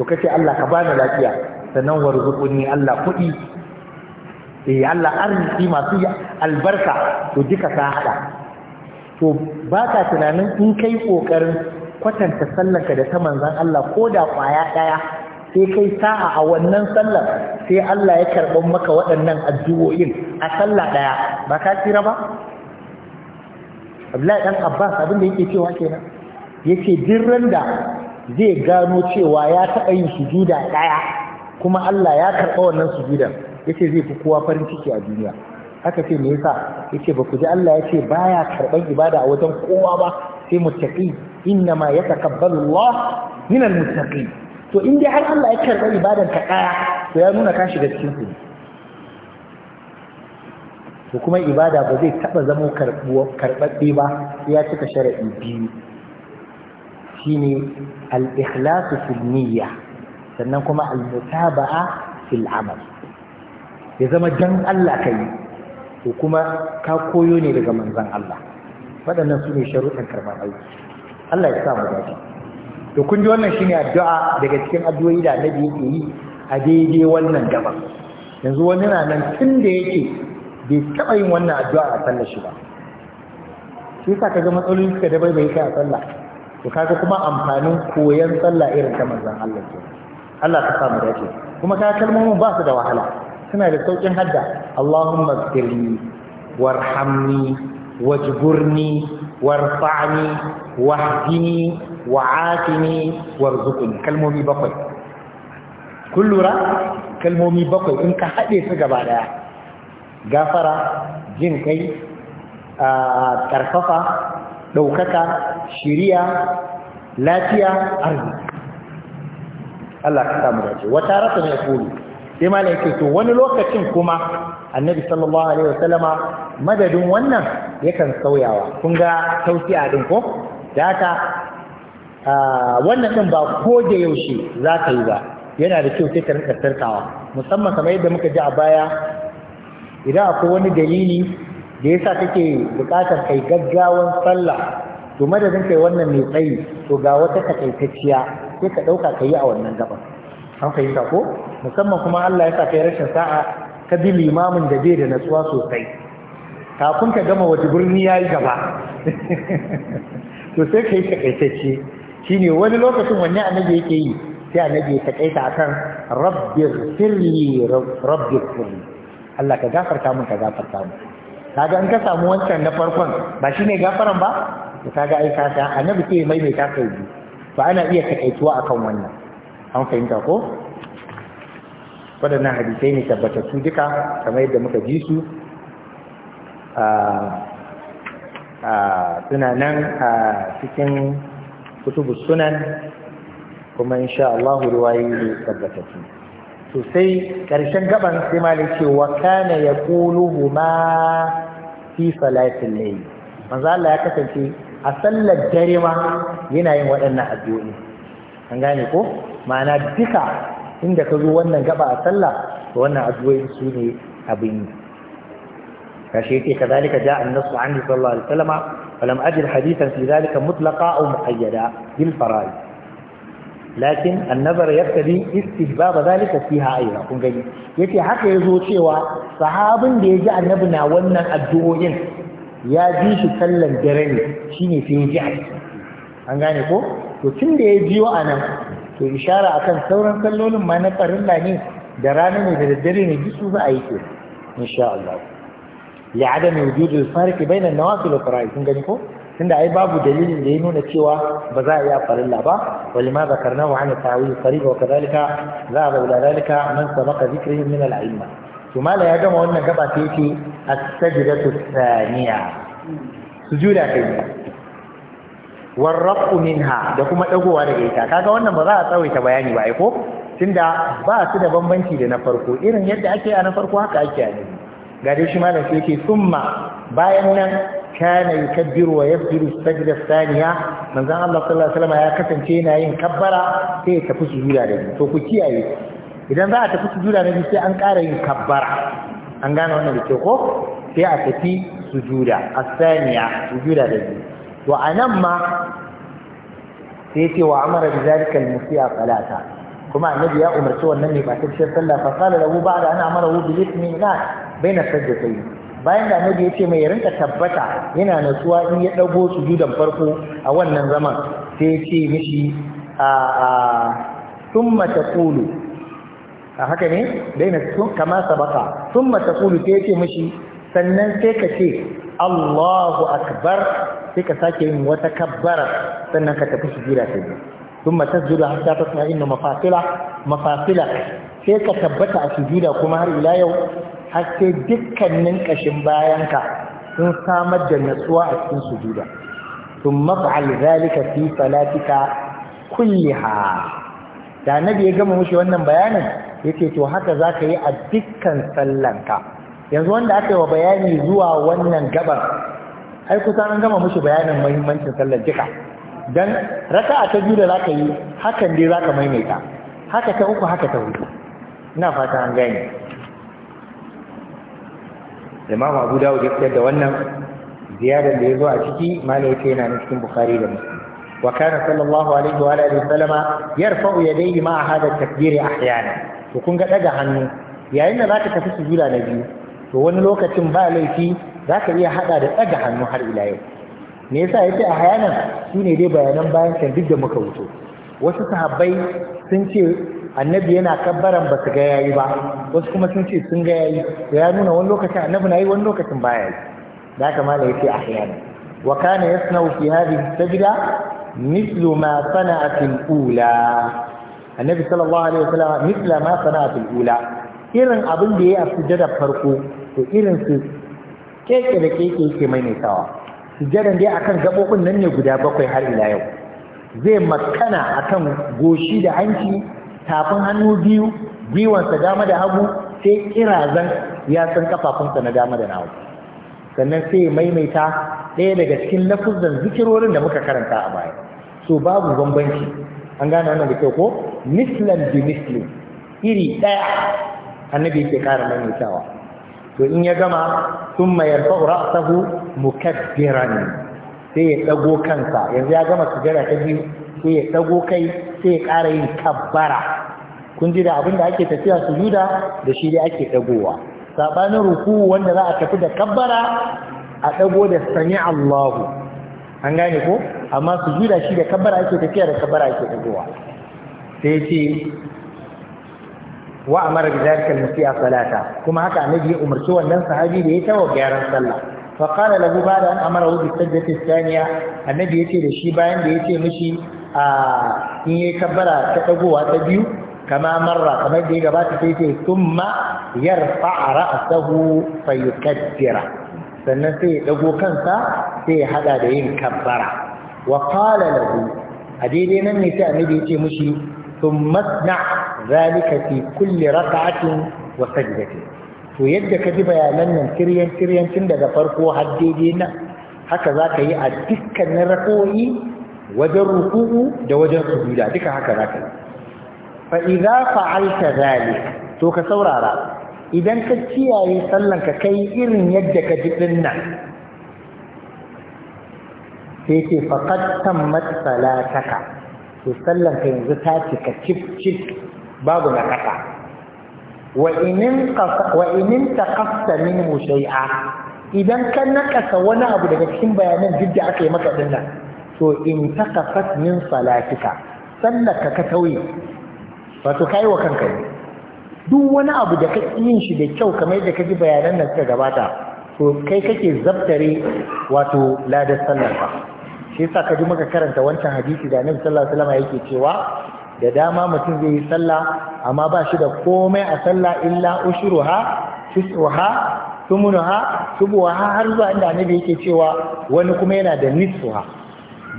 to ce Allah ka bani lafiya sannan warzuquni Allah kuɗi eh Allah arziki masu albarka to duka ka haɗa. to ba ka tunanin in kai ƙoƙarin kwatanta ka da ta manzan Allah ko da ƙwaya ɗaya sai kai sa'a a wannan sallar sai Allah ya karɓar maka waɗannan addu'o'in a sallar ɗaya ba ka tsira ba Abdullahi ɗan Abbas abin da yake cewa kenan yace dirran da zai gano cewa ya taɓa yin sujuda ɗaya kuma Allah ya karɓa wannan sujudan yace zai fi kowa farin ciki a duniya aka ce me yasa yace ba ku ji Allah yace baya karban ibada a wajen kowa ba sai muttaqi inna yatakabbalu Allah min almuttaqi to in dai har Allah ya karba ibadan ka daya to ya nuna ka shiga cikin su to kuma ibada ba zai taba zama karbabbe ba ya cika sharadi biyu shine al-ikhlas fil niyya sannan kuma al-mutaba'a fil amal ya zama dan Allah kai to kuma ka koyo ne daga manzan Allah waɗannan su ne sharuɗin karɓar aiki Allah ya sa mu dace to kun ji wannan shine addu'a daga cikin addu'o'i da annabi yake yi a daidai wannan gaba yanzu wani na nan tun da yake bai taɓa yin wannan addu'a a sallar shi ba shi yasa kaga matsaloli suka da bai kai a sallah to kaga kuma amfanin koyon sallah irin ta manzan Allah ke Allah ka sa mu dace kuma ka kalmomin ba su da wahala suna da saukin hadda Allahumma firni warhamni wajburni warfa'ni wahdini wa'afini warzuqni kalmomi bakwai kun lura kalmomi bakwai in ka haɗe su gaba daya gafara jin kai ƙarfafa ɗaukaka shiriya lafiya arziki Allah ka samu dace wata rasa ne ya kulu sai ma yake to wani lokacin kuma annabi sallallahu alaihi wasallama madadin wannan yakan sauyawa kun ga tausiya din ko da wannan din ba ko da yaushe za ka yi ba yana da kyau sai ka rinka musamman kamar yadda muka ji a baya idan akwai wani dalili da yasa kake buƙatar kai gaggawan sallah to madadin kai wannan mai tsayi to ga wata takaitacciya sai ka ɗauka ka yi a wannan gaban an fahimta ko musamman kuma Allah ya sa kai rashin sa'a ka bi limamin da bai da natsuwa sosai kafin ka gama wata birni ya yi gaba to sai ka yi takaitacce shine wani lokacin wanne annabi yake yi sai annabi ya takaita akan rabbir sirri rabbir kulli Allah ka gafarta mun ka gafarta mun kaga in ka samu wancan na farkon ba shine gafaran ba kaga ai kaga annabi sai mai mai ta kai to ana iya takaituwa akan wannan an fahimta ko waɗannan hadisai ne tabbatattu duka kamar yadda muka ji su suna nan a cikin kutubu sunan kuma insha Allah ruwayi ne tabbatattu to sai ƙarshen gaban sai malik ce wa kana huma fi salatil layl manzo Allah ya kasance a sallar dare ma yana yin waɗannan addu'o'i an gane ko ma'ana duka inda ka zo wannan gaba a sallah to wannan addu'o'in su ne abin yi kashe yake kazalika ja annasu anhu sallallahu alaihi wasallam falam ajid hadithan fi zalika mutlaqa aw muqayyada bil faraid lakin annabar yaktadi istihbab zalika fiha ayra kun gani Ya ce haka ya zo cewa sahabin da ya yaji annabi na wannan addu'o'in ya ji shi sallan dare ne shine sai ya ji an gane ko to tun da ya ji wa anan to ishara akan sauran kallolin ma na karilla ne da rana ne da daddare ne duk su za a yi ke insha Allah li adami wujudul farq bayna nawafil kun gani ko tunda ai babu dalilin da ya nuna cewa ba za a yi farilla ba wal ma zakarna wa ana ta'awil qariba wa kadalika za a ila dalika man sabaqa dhikrihi min al-a'imma to mala ya gama wannan gaba ta yake as-sajdatu thaniya sujuda kai warrafu minha da kuma dagowa da ita kaga wannan ba za a tsawaita bayani ba aiko? tunda ba su da bambanci da na farko irin yadda ake a na farko haka ake a nan ga shi malam sai yake summa bayan nan kana yukabbiru wa yasjudu sajda thaniya manzon Allah sallallahu alaihi wasallam ya kasance yana yin kabbara sai ya tafi sujuda da shi to ku kiyaye idan za a tafi sujuda na biyu sai an ƙara yin kabbara an gane wannan da ke ko sai a tafi sujuda asaniya sujuda da to a nan ma sai ce wa amara da zalika musu ya salata kuma annabi ya umarci wannan ne ba ta sallah fa qala lahu ba'da an amara hu bil ismi na baina sajdatayni bayan da annabi ya ce mai rinka tabbata yana natsuwa in ya dago sujudan farko a wannan zaman sai ya ce mishi a a thumma taqulu a haka ne baina kama sabaka thumma taqulu sai ya ce mishi sannan sai ka ce Allahu akbar sai ka sake yin wata kabbara sannan ka tafi sujjada ta biyu ثم تسجد حتى تسمع إن مفاصلة مفاصلة sai ka tabbata a sujuda kuma har ila yau har sai dukkanin kashin bayanka sun samar da natsuwa a cikin sujuda sun maf'al zalika fi salatika kulliha da nabi ya gama mushi wannan bayanin Ya ce to haka za ka yi a dukkan sallanka yanzu wanda aka yi wa bayani zuwa wannan gabar ai kusan an gama mushi bayanin muhimmancin sallar jika dan raka a ta biyu da zaka yi hakan dai zaka maimaita haka ta uku haka ta hudu ina fata an gane Imam Abu Dawud ya fitar da wannan ziyarar da ya zo a ciki malai yake yana na cikin Bukhari da Muslim wa kana sallallahu alaihi wa alihi wasallama yarfa'u yadayhi ma'a hada takbiri ahyana to kun ga daga hannu yayin da zaka tafi sujuda na biyu to wani lokacin ba laifi za ka iya haɗa da ɗaga hannu har ila yau me yasa ya ce a hayanan su ne dai bayanan bayan can duk da muka wuto wasu sahabbai sun ce annabi yana kabbaran ba su ga yayi ba wasu kuma sun ce sun ga yayi to ya nuna wani lokacin annabi na yi wani lokacin baya yi da haka mala ya ce a hayanan wa kana yasna'u fi hadhihi sajda mithlu ma sana'at al ula annabi sallallahu alaihi wasallam mithla ma sana'at al ula irin abin da yayi a sujjadar farko to irin su keke da keke yake maimaitawa sujjadan dai akan gabobin nan ne guda bakwai har ila yau zai makana akan goshi da hanci tafin hannu biyu gwiwansa dama da hagu sai kirazan san kafafunsa na dama da nawa, sannan sai maimaita ɗaya daga cikin lafuzan zikirorin da muka karanta a baya so babu bambanci an gane wannan da kyau ko mislan bi mislin iri ɗaya annabi yake ƙara maimaitawa to in ya gama sun mayar ra'sahu mukabbiran sai ya dago kansa yanzu ya gama sujada ta biyu sai ya dago kai sai ya ƙara yin kabbara kun ji da abin da ake tafiya sujuda da shi dai ake dagowa sabanin ruku wanda za a tafi da kabbara a dago da sani Allahu an gane ko amma sujuda shi da kabbara ake tafiya da kabbara ake dagowa sai ce wa amara bi zalika al-musi'a salata kuma haka annabi ya umarci wannan sahabi da ya tawo gyaran sallah fa qala lahu ba'da an amara bi sajdati thaniya annabi yace da shi bayan da yace mishi a in yayi kabbara ta dagowa ta biyu kama marra kamar da ya gabata sai ce thumma yarfa'a ra'sahu fayukaddira sannan sai ya dago kansa sai ya hada da yin kabbara wa qala lahu a daidai nan ne sai annabi yace mishi thumma sna' zalika fi kulli raka'atin wa sajdatin to yadda ka ji bayanan nan kiryan kiryan tun daga farko har daidai nan haka za ka yi a dukkanin rako'i wajen ruku'u da wajen sujuda duka haka za ka yi fa idza fa'alta zalik to ka saurara idan ka kiyaye sallan ka kai irin yadda ka ji din nan sai ce faqad tammat to sallan ka yanzu ta cika cif cif babu na kasa wa inin takasta minhu shay'a idan ka nakasa wani abu daga cikin bayanan duk da aka yi maka din nan to in takasat min salatika sannan ka tauye wato kai wa kanka ne duk wani abu da ka yin shi da kyau kamar yadda ka ji bayanan nan suka gabata to kai kake zabtare wato ladar sallar ka shi yasa ka ji muka karanta wancan hadisi da Annabi sallallahu alaihi wasallam yake cewa da dama mutum zai yi sallah amma ba shi da komai a sallah illa ushuruha tis'uha tumunuha subuha har zuwa inda annabi yake cewa wani kuma yana da nisuha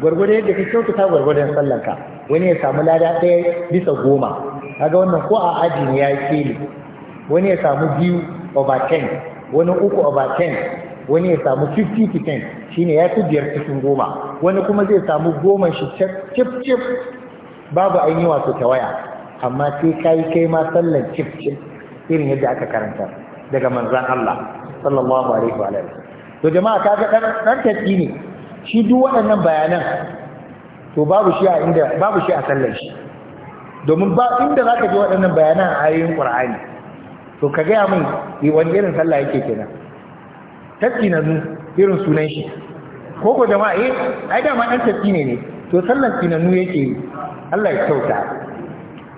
Gwargwadon yadda ka kyautata gwargwadon sallanka wani ya samu lada ɗaya bisa goma kaga wannan ko a aji ne ya yi keli wani ya samu biyu over ten wani uku over ten wani ya samu 50 to 10 shine ya fi biyar cikin goma wani kuma zai samu goma shi cif cif babu an yi wato waya, amma sai kai kai ma sallan cif cif irin yadda aka karanta daga manzan Allah sallallahu alaihi wa alihi to jama'a ka ga dan tafi ne shi duk waɗannan bayanan to babu shi a inda babu shi a sallan shi domin ba inda zaka ji waɗannan bayanan a ayoyin Qur'ani to ka gaya min eh, wani irin sallah yake kenan tafi na irin sunan shi ko ko jama'a eh ai da ma dan tafi ne ne to sallan kinanu yake Allah ya kyauta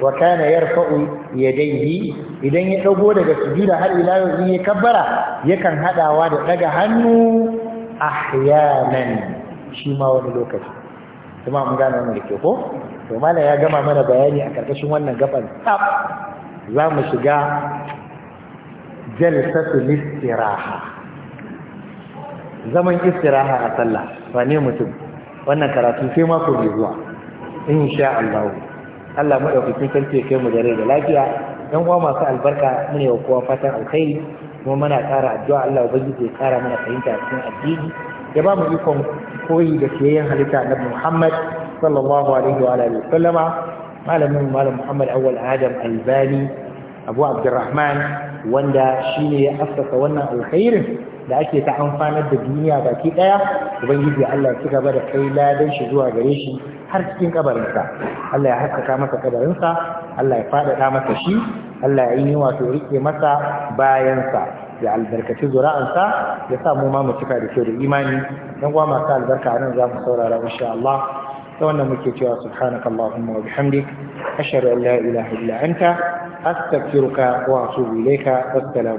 wa kana yarfa'u yadayhi idan ya dago daga sujuda har ila yau in ya kabbara yakan hadawa da daga hannu ahyanan shi ma wani lokaci kuma mun gane wannan dake ko to mala ya gama mana bayani a karkashin wannan gaban tsaf za mu shiga jalsatu istiraha zaman istiraha a sallah wane mutum wannan karatu sai mako mai zuwa In sha Allah Allah madaukakin sarki kai mu da rai da lafiya dan uwa masu albarka mune wa kowa fatan alkhairi kuma muna ƙara addu'a Allah ubangiji ya ƙara mana fahimta cikin addini ya ba mu ikon koyi da siyayyen halitta na Muhammad sallallahu alaihi wa alihi sallama malamin malam Muhammad awwal Adam Albani Abu Abdurrahman wanda shine ya assasa wannan alkhairin da ake ta amfanar da duniya baki ɗaya ubangiji Allah ya gaba da kai ladan shi zuwa gare shi har cikin kabarinsa Allah ya haskaka masa kabarinsa Allah ya faɗaɗa masa shi Allah ya yi wato rike masa bayansa ya albarkaci zura'ansa ya sa mu ma mu cika da kyau da imani dan uwa masu albarka nan za mu saurara insha Allah ta wannan muke cewa subhanakallahumma wa bihamdik ashhadu an la ilaha illa anta astaghfiruka wa atubu ilayka assalamu